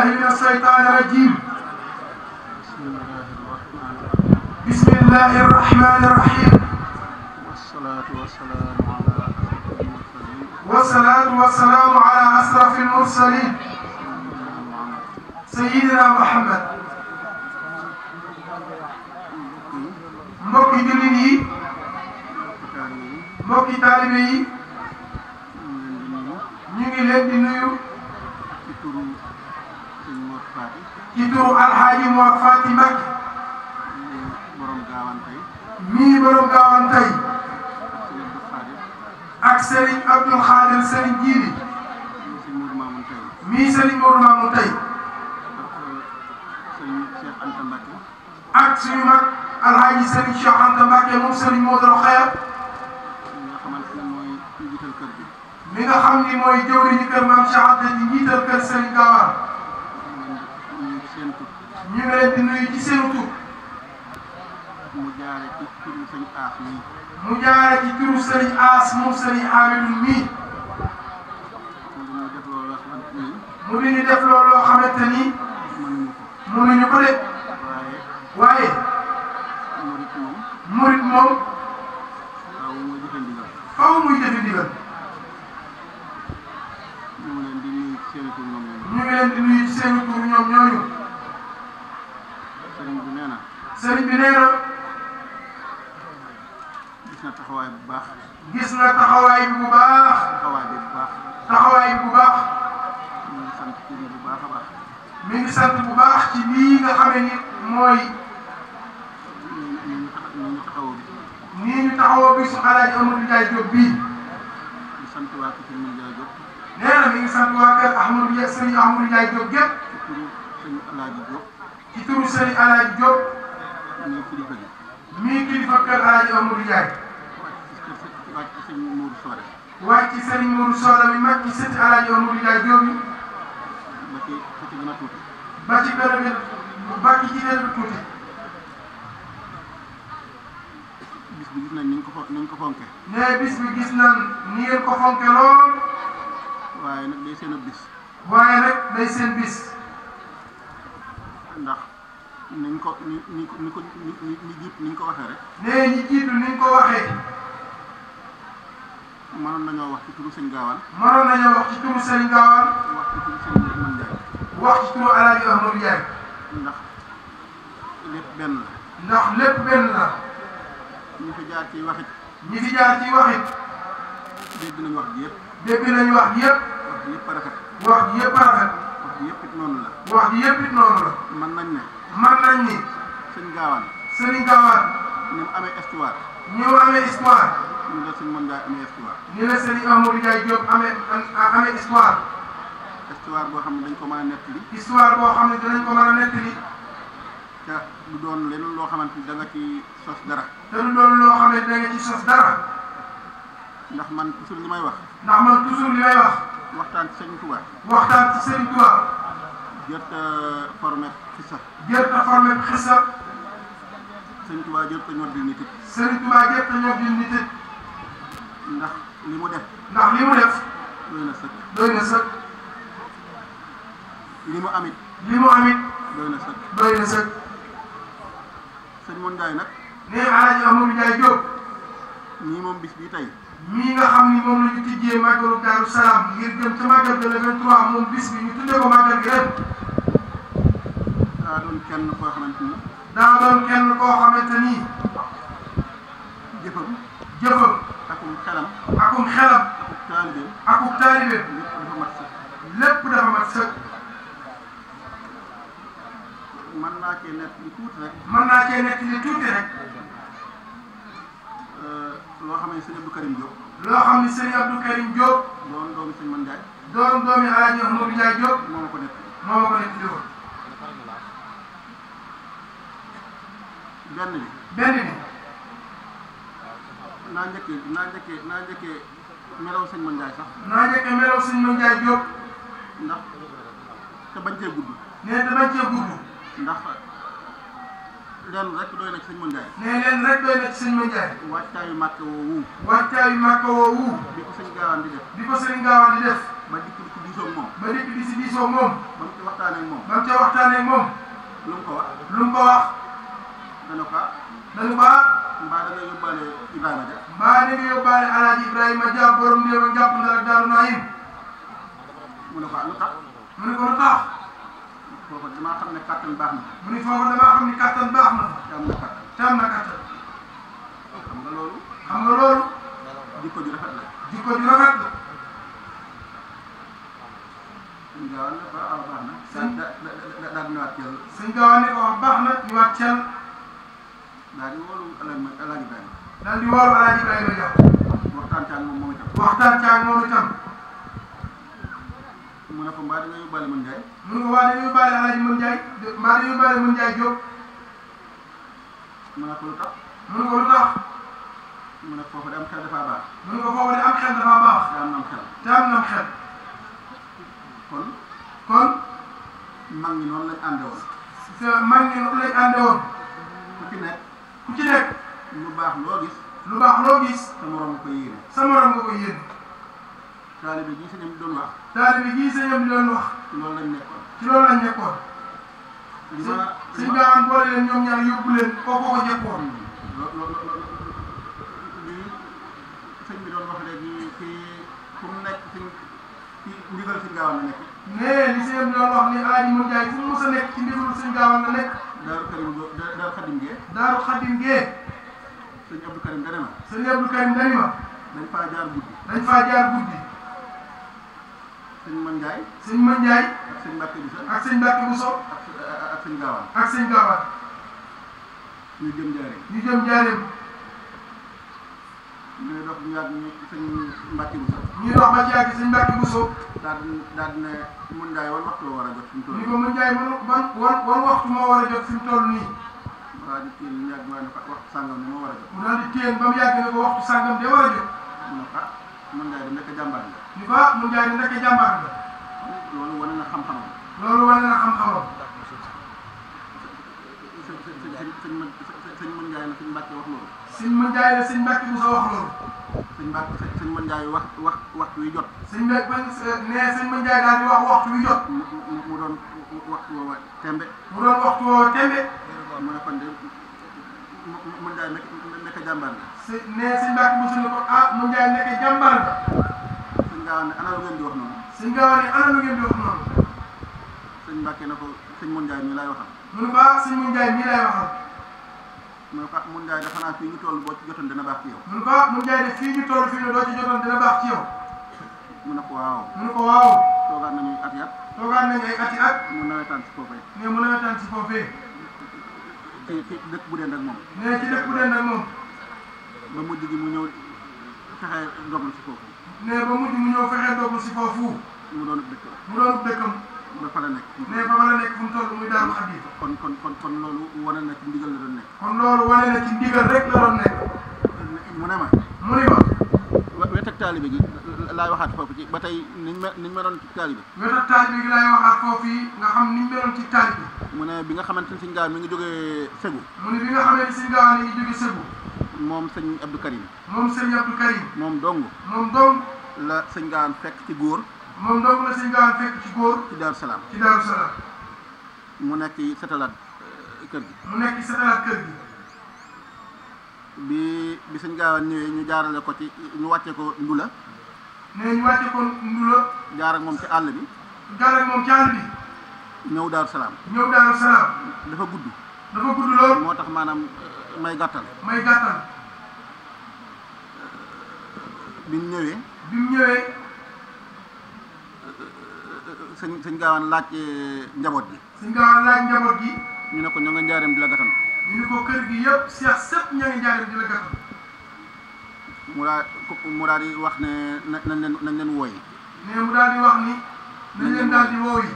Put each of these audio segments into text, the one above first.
بالله من الشيطان الرجيم بسم الله الرحمن الرحيم والصلاة والسلام على والصلاة والسلام على أشرف المرسلين سيدنا محمد mbokki jullit yi mbokki taalibe yi ci turu alxaaji Mor Fati Mbacke mii borom gaawan tey ak Serigne Abdoul Khadir Serigne Jiili mii Serigne Mourou Mamoun tey ak suñu mag alxaaji Serigne Cheikh Anta Mbacke moom Serigne Modou Rokhaya mi nga xam ni mooy jëwriñu kër maam Cheikh Anta di njiital kër Serigne Gaawaan ñu ngi leen di nuyu ci seen tur. mu jaare ci turu sëñ Aas mii. mu jaare ci turu sëriñ Aas moom sëriñ Amidou mii. mu di ñu def loolu loo xamante ni. mënuñu ko de. waaye. murit moom. faaw muy jëfe ndigal. ñu ngi leen di nuyu ci seen tur ñoom ñooñu. sëriñ bi nee na. gis na taxawaay bu baax. gis na taxawaay bi bu baax. taxawaay bi bu baax. taxawaay bi bu baax. mi ngi sant ci bu baax a baax. mi ngi sant bu baax ci lii nga xamee ni mooy. nii ñu taxawoo bi su Alaaji Amadou Ndiaye Diop bii. di sant waa kër Serigne Ndiaye Diop. nee na mi ngi sant waa kër Ahmadou Serigne Ahmadou Ndiaye Diop gépp. ci turu Serigne Alaaji Diop. ci turu Serigne Alaaji Diop. mii kilifa gi. mii kilifa kër Alaaji Amadou Ndiaye. wàcc sëñ Mourou Soore. wàcc sëñ Mourou Soore mi mag ñi sëti Alaaji Amadou Ndiaye joomi. ba ci ba ci gën a tuuti. ba ci gën a mel ba ci gën a tuuti. bis bi gis nañ ni ko ni ko fonke. nee bis bi gis nañ ni ngeen ko fonke lool. waaye nag day seen bis. waaye nag day seen bis. ndax. niñ ko ni ni ni ko ni ni jiitu ko waxee rek. nee ñi jiitu niñ ko waxee. mënoon nañoo wax ci turu sëñ Gaawaan. mënoon nañoo wax ci turu sëñ Gaawaan. wax ci turu sëñ Ahmad Njaay. wax ci turu El Hadj Ahmad Njaay. ndax lépp benn la. ndax lépp benn la. ñi fi jaar ci waxit. ñi fi jaar ci waxit. dégg nañ wax ji yëpp. wax ji yëpp. wax rafet. wax ji yëpp a noonu la. wax ji yëpp noonu la. mën nañ ne. man nañ ni. sëñ Gaawaan. sëñ Gaawaan. ni mu amee espoir. ni mu amee espoir. ni la sëñ Mame Ndiaye amee espoir. ni la sëñ Amadou Ndiaye Diop amee amee espoir. histoire boo xam ne dañ ko mën a nettali. histoire boo xam ne dinañ ko mën a nettali. te du doon leneen loo xamante ni da nga ci sos dara. te du doon loo xam ne da nga ci sos dara. ndax man toujours li may wax. ndax man toujours li may wax. waxtaan ci Serigne Touba. waxtaan ci Serigne Touba. jërta formé xisa jërta formé xisa sëñ Tuubaa jërta ñoddil nit it sëñ Tuubaa jërta ñoddil nit it ndax li mu def ndax li mu def doy na sëkk doy na sëkk li mu amit li mu amit doy na sëkk doy na sëkk sëñ Moon Njaay nag nee Alaaji Amadou Njaay Jóob ñii moom bis bi tey mii nga xam ni moom la ñu tijjee màggalu Daaru Salaam ngir jëm ca màggal de le 23 moom bis bi ñu tuddee ko màggal gi ren daa doon kenn koo xamante ni daa doon kenn koo xamante benn bi benn bi. naa njëkkee naa njëkkee naa njëkkee melaw sëñ Ma Ndiaye sax. naa njëkkee melaw sëñ Ma Ndiaye Diop. ndax te bañ cee gudd. nee te bañ cee gudd. ndax lenn rek doy na ci sëñ Ma Ndiaye. nee lenn rek doy na ci sëñ Ma Ndiaye. waajtaayu màkk woowu. waajtaayu màkk woowu. bi ko sëñ Gaawaan di def. bi ko sëñ Gaawaan di def. ba dikk di ci diisoo ak moom. ba dikk di ci diisoo ak moom. ba mu ci waxtaanee ak moom. ba mu ci waxtaanee ak moom. lu mu ko wax lu mu ko wax. en tout cas. dañu mbaa. mbaa da nga yóbbaale Ibrahima Dia. mbaa da nga yóbbaale El Hadj Ibrahima Dia borom a jàpp ndara Daaru kattan baax na. mu ne foofa damaa xam kattan baax na. te na kattan te na kattan. xam nga loolu. xam nga na. daal daal daal di ñëwaat Thiel. baax na ñëwaat Thiel. daal di wóolu El Hadj Ibrahima. daal di wóolu El Hadj Ibrahima Diaw. waxtaan caag moom moom itam. waxtaan caag moom itam. mu ne ko mbaa dina yóbbaale Mën Ndiaye. mu ne ko waa dina yóbbaale El Hadj Mën Ndiaye mbaa dina yóbbaale Mën Ndiaye Diop. mu ne ko lu tax. mu ne ko lu tax. mu ne foofu de am xel dafaa baax. mu ko foofu am xel dafaa baax. te am na xel. am xel. kon. kon. mag ñi noonu lañ àndewoon. te mag ñi noonu ku ci nekk lu baax loo gis lu baax loo gis sa morom nga ko yéene sa morom nga ko yéene taalibe jii sëñam di doon ci loolu bi am boole leen ñoom ñaar yóbbu ko jëppoon lii sëñ bi doon nekk ci ndigal nee li sëñ bi doon wax ni alaaji mu jaay fu mu a nekk ci ndigal sëñ gaawaan la nekk daaru Karim gée daaru Xadim gée. daaru Xadim gée. sëñ Abdou Karim dana ma. sëñ Abdou Karim dana ma. dañ faa jaar guddi. dañ faa jaar guddi. sëñ Man Ndiaye. sëñ Man Ndiaye. ak sëñ Mbacke Bousso. ak sëñ Mbacke Bousso. ak sëñ Gaawaan. ak sëñ Gaawaan. ñu jëm Njaareem. ñu jëm Njaareem. ñu daal di sëñ Mbacke Bousso. ñu dox ba ci yàgg sëñ Mbacke Bousso. daal di daal di ne mun njaay wan waxtu moo war a jot fi mu toll nii. ni ko mun njaay man waxtu moo war a jot fi mu toll nii. waaw di téye ñu yàgg ma ne ko waxtu sàngam a mu daal di téye mu yàgg ne ko waxtu sàngam de war a jot. mu mun njaay di nekk jàmbaar nga. ni ko ah mun njaay di nekk na xam-xamam. loolu wane na xam-xamam. sëñ sëñ mën sëñ mën njaay la sëñ mbàkke wax loolu sëñ mën njaay la sëñ mbàkke musa wax loolu sëñ mbàkke sëñ mën njaay wax wax waxtu wi jot sëñ ne sëñ mën njaay daal di wax waxtu wi jot mu doon waxtu woowa tembe mu doon waxtu woowa tembe mu ne kon de mën njaay nekk nekk jàmbaar la si ne sëñ mbàkke musa ne ko ah mën njaay nekk jàmbaar la sëñ gaaw ne ana lu ngeen di wax noonu sëñ gaaw ne ana lu ngeen di wax noonu sëñ mbàkke ne ko sëñ mën njaay mi laay waxal mu ne ko ah sëñ Mounde Ndiaye mii lay waxal. mu ne ko ah Mounde Ndiaye dafa naa fii ñu toll boo ci jotoon dina baax ci yow. mu ne ko ah Mounde Ndiaye de fii ñu toll fii ne doo ci jotoon dina baax ci yow. mu ne ko waaw. mu ne ko waaw. toogaan nañu at i at. toogaan nañu ay at i at. mu nawetaan si foofee. mais mu nawetaan si foofee. ci ci dëkk bu dend ak moom. nee ci dëkk bu dend ak moom. ba mujj gi mu ñëw fexe dogul si foofu. nee ba mujj mu ñëw fexe dogul si foofu. mu doon dëkkam mu doon dëkkam. la fa la nekk. nee fa ma la nekk fu mu toll muy Daaru Xadim. kon kon kon kon loolu wane na ci ndigal la doon nekk. kon loolu wane na ci ndigal rek la doon nekk. mu ne ma. mu ne ma. wet ak taalibe gi laay waxaat foofu ci ba tey niñ ma niñ ma doon ci taalibe. wet ak taalibe gi laay waxaat foofu yi nga xam niñ ma doon ci taalibe. mu ne bi nga xamante ni Sëñ Gaawaan mi ngi jógee Segu. mu ne bi nga xamante ni Sëñ Gaawaan mi ngi jógee Segu. moom sëñ Abdou Karim. moom sëñ Abdou Karim. moom dong. moom dong. la Sëñ Gaawaan fekk ci góor moom dong la sëñ Gaawaan fekk ci góor. ci Daaru Salaam ci Daaru Salaam. mu nekk satalaat eh, kër gi. mu nekk satalaat kër gi. bi bi sëñ Gaawaan ñëwee ñu jaarale ko ci ñu wàcce ko Ndula. nee ñu wàcce ko Ndula. jaar moom ci àll bi. jaar ak moom ci àll bi. ñëw Daaru Salaam. ñëw Daaru Salaam. dafa gudd. dafa gudd lool. moo tax maanaam eh, may gàttal. may gàttal. bi mu ñëwee. bi mu ñëwee. sëñ sëñ gaawaan laaj eh, njaboot gi sëñ gaawaan laaj njaboot gi ñu ne ko ña nga njaareem di la gatan ñu yëpp seex sëpp ña nga njaareem di la mu daal wax ne na leen nañ leen wooyi ne mu wax ni nañ leen daal di wooyi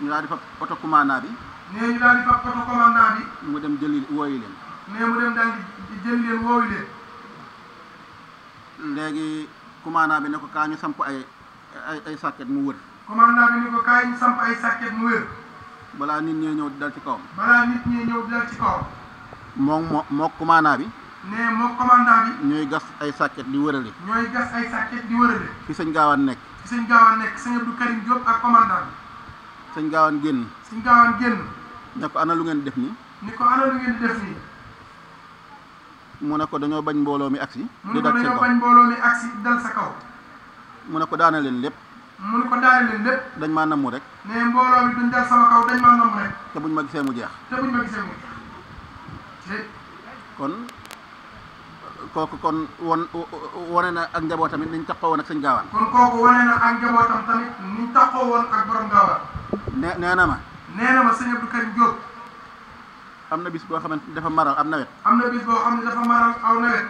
ñu daal di fab oto commandant bi ne ñu daal di oto commandant bi mu dem jëli wooyi leen ne mu dem daal di jëli leen wooyi leen léegi commandant bi ne ko kaa ñu samp ay sàkket mu wër commandant bi ni ko kaay samp ay sàkket mu wér. balaa nit ñee ñëw dal ci kawam. balaa nit ñee ñëw dal ci kawam. moom moo moo commandant bi. ne moo commandant bi. gas ay sàkket di wërale. ñooy gas ay sàkket di wërale. sëñ gaawaan nekk. fi sëñ gaawaan nekk sëñ Abdou Karim sëñ gaawaan génn. sëñ gaawaan génn. ne ko ana lu ngeen def nii. ni ko ana lu def nii. mu ne ko dañoo bañ mbooloo mi agsi. di dal mu ne ko dañoo bañ mbooloo mi agsi dal sa kaw. mu ne ko daana leen lépp. mu ne ko daal leen lépp. dañ maa namm rek. ne mbooloo mi duñ dal sama kaw dañ maa namm rek. te ma mu jeex. te buñ ma gisee mu jeex. kon kooku kon won wane na ak njaboot tamit niñ taxoo woon sëñ gaawaan. kon kooku njabootam tamit niñ taxoo woon ak borom gaawaan. nee nee na ma. nee ma sëñ Abdou Karim Diop. am na bis boo xamante dafa maral am nawet. am na bis boo xam ne dafa maral aw nawet.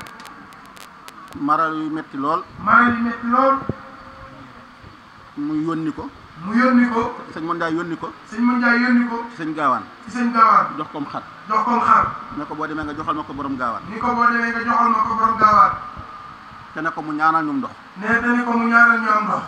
maral yu metti lool. maral metti lool. mu yónni ko mu yónni ko sëñ Mandiaye yónni ko sëñ Mandiaye yónni ko ci gaawaan ci sëñ gaawaan jox kom xar jox kom xar ko boo demee nga joxal ko borom gaawaan ni ko boo demee nga joxal ma ko borom gaawaan te ko mu ñaanal ñum ndox ne te ne ko mu ñaanal ñu ndox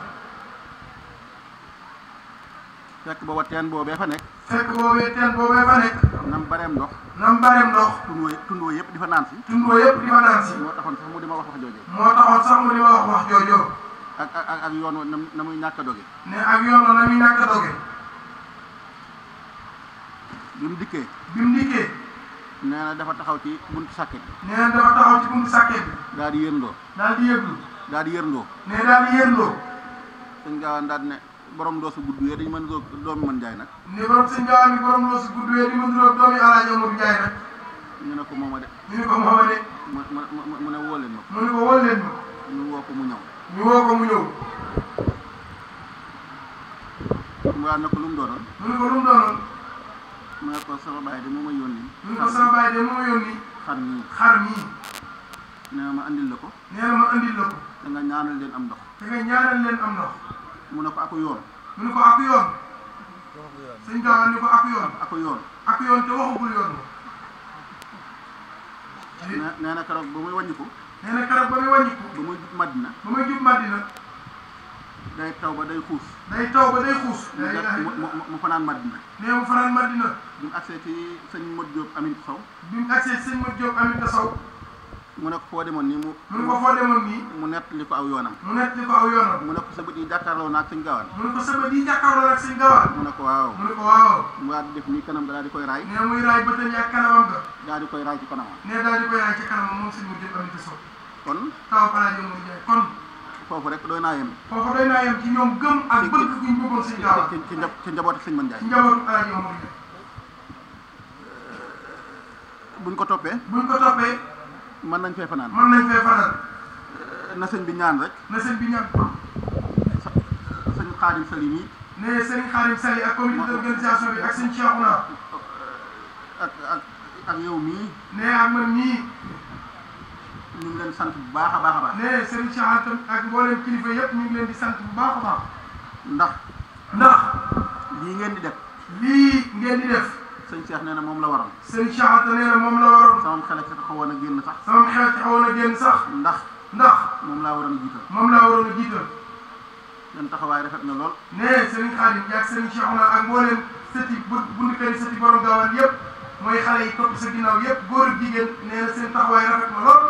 fekk booba teen boobee fa nekk fekk boobee teen boobee fa nekk nam bareem ndox nam bareem ndox tundoo tundoo yëpp di fa naan si tundoo yëpp di fa naan si moo taxoon sax mu di ma wax wax joojoo ak yoon wa na muy ñàkk a doge. ne ak yoon wa na muy ñàkk a doge. bi mu dikkee. bi dikkee. nee na dafa taxaw ci buntu sàkket bi. nee na dafa taxaw ci buntu sàkket bi. daal di yërndoo. daal di yërndoo. daal di yërndoo. nee daal di yërndoo. sëñ gaawaan daal ne borom doosu su yee dañu mën doo doomi mën jaay nag. ne borom sëñ gaawaan bi borom doosu gudd yee dañu mën doo doomi alaaji amadu jaay nag. ñu ne ko mooma de. ñu ne ko mooma de. mu mu mu ne woo leen ma ko. mu ne woo ko. ñu ñu woo ko mu ñëw. mu ne ko lu doonoon. mu ne ko lu doonoon. mu ne ko sama baay de moo ma yónni. mu ne ko sama ma yónni. xar mii xar mii. nee ma andil la ko. nee ma andil la ko. da nga ñaanal leen am ndox. da nga ñaanal leen am ndox. mu ne ko ak yoon. mu ne ko ak yoon. sëñ Dawa ko ak yoon. ak yoon ak yoon te waxagul yoon. nee na keroog ba muy wàññi ko. nee na keroog ba muy wàññiku. ba muy jub Madina. ba muy jub Madina. day taw ba day xuus. day taw ba day xuus. day day mu fanaan Madina. nee mu fanaan Madina. bi mu agsee ci sëñ Modou Diop Amin Sow. bi mu agsee ci sëñ Modou Diop Amin Sow. mu ne ko foo demoon nii mu mu ne ko foo demoon nii mu nett li ko aw yoonam mu nett li ko aw yoonam mu ne ko sa bët yi jàkkaarloo naag sëñ gawaan mu ne ko sa bët yi jàkkaarloo naag sëñ gawaan mu ne ko waaw mu ne ko waaw mu daal di def nii kanam daal di koy raay ne muy raay bëtam yi ak kanamam ga daal di koy raay ci kanamam ne daal di koy raay ci kanamam moom sëñ mu jëm amit so kon taw palaa jëm muy jaay kon foofu rek doy naa yem foofu doy naa yem ci ñoom gëm ak bëgg guñ bëggoon sëñ gawaan ci njaboot ak sëñ mën jaay ci njaboot alaaji moom buñ ko toppee buñ ko toppee mën nañ fee fanaan man nañ fee fanaan euh, na sëñ bi ñaan rek na sëñ bi ñaan sëñ xaadim sali mii ne sëñ xaadim sali ak comité d'organisation bi ak sëñ Cheikhouna euh, ak ak ak yow mii ne ak man mii ñu ngi leen sant bu baax a baax a baax ne sëñ Cheikhouna ak mboolem kilifa yëpp ñu ngi leen di sant bu baax a ndax ndax lii ngeen di def lii ngeen def sëñ Cheikh nee na moom la waroon sëñ Cheikh Anta nee na moom la waroon samam xel ci xawoon a génn sax samam xel ci xawoon a génn sax ndax ndax moom laa waroon a jiital moom laa waroon a jiital seen taxawaay rafet na lool ne sëñ Xaadim yaag sëñ Cheikh na ak mbooleem sëti bu bundi kër sëti borom gaawal yëpp mooy xale yi topp sa ginnaaw yëpp góor ak jigéen nee na seen taxawaay rafet na lool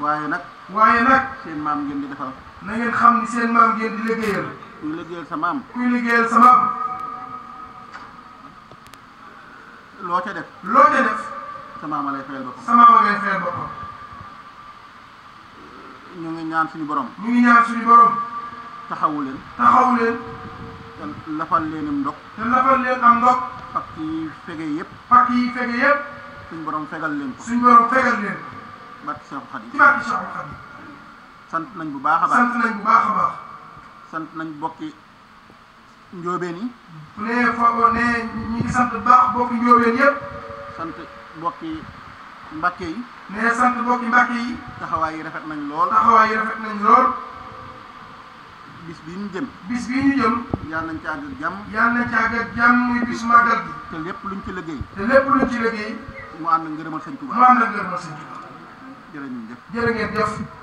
waaye nag waaye nag seen maam ngeen di defal na ngeen xam ni seen maam ngeen di liggéeyal kuy liggéeyal sa maam kuy liggéeyal sa maam loo ca def. loo ca def. sa maama lay fayal boppam. sa maama lay fayal boppam. ñu ngi ñaan suñu borom. ñu ngi ñaan suñu borom. taxawu leen. taxawu leen. te lafal leen am ndox. te lafal leen am ndox. pàcc yi fege yëpp. pàcc yi fege yëpp. suñu borom fegal leen ko. suñu borom fegal leen ko. barke Seexu Xadim. ci barke Seexu Xadim. sant nañ bu baax a baax. sant nañ bu baax a baax. sant nañ bokki njóobeen yi mu ne foofu ne ñi sant baax bokki njóobeen yëpp sant bokki mbàkke yi ne sant bokki mbàkke yi taxawaay yi rafet nañ lool taxawaay yi rafet nañ lool bis bii ñu jëm bis bii ñu jëm yàlla nañ ci àgg jàmm yàlla nañ ci àgg ak jàmm muy bis màggal gi te lépp luñ ci liggéey te lépp luñ ci liggéey mu ànd ak ngërëmal sëñ Tuubaa mu ànd ak ngërëmal sëñ Tuubaa jërë ngeen ngeen jëf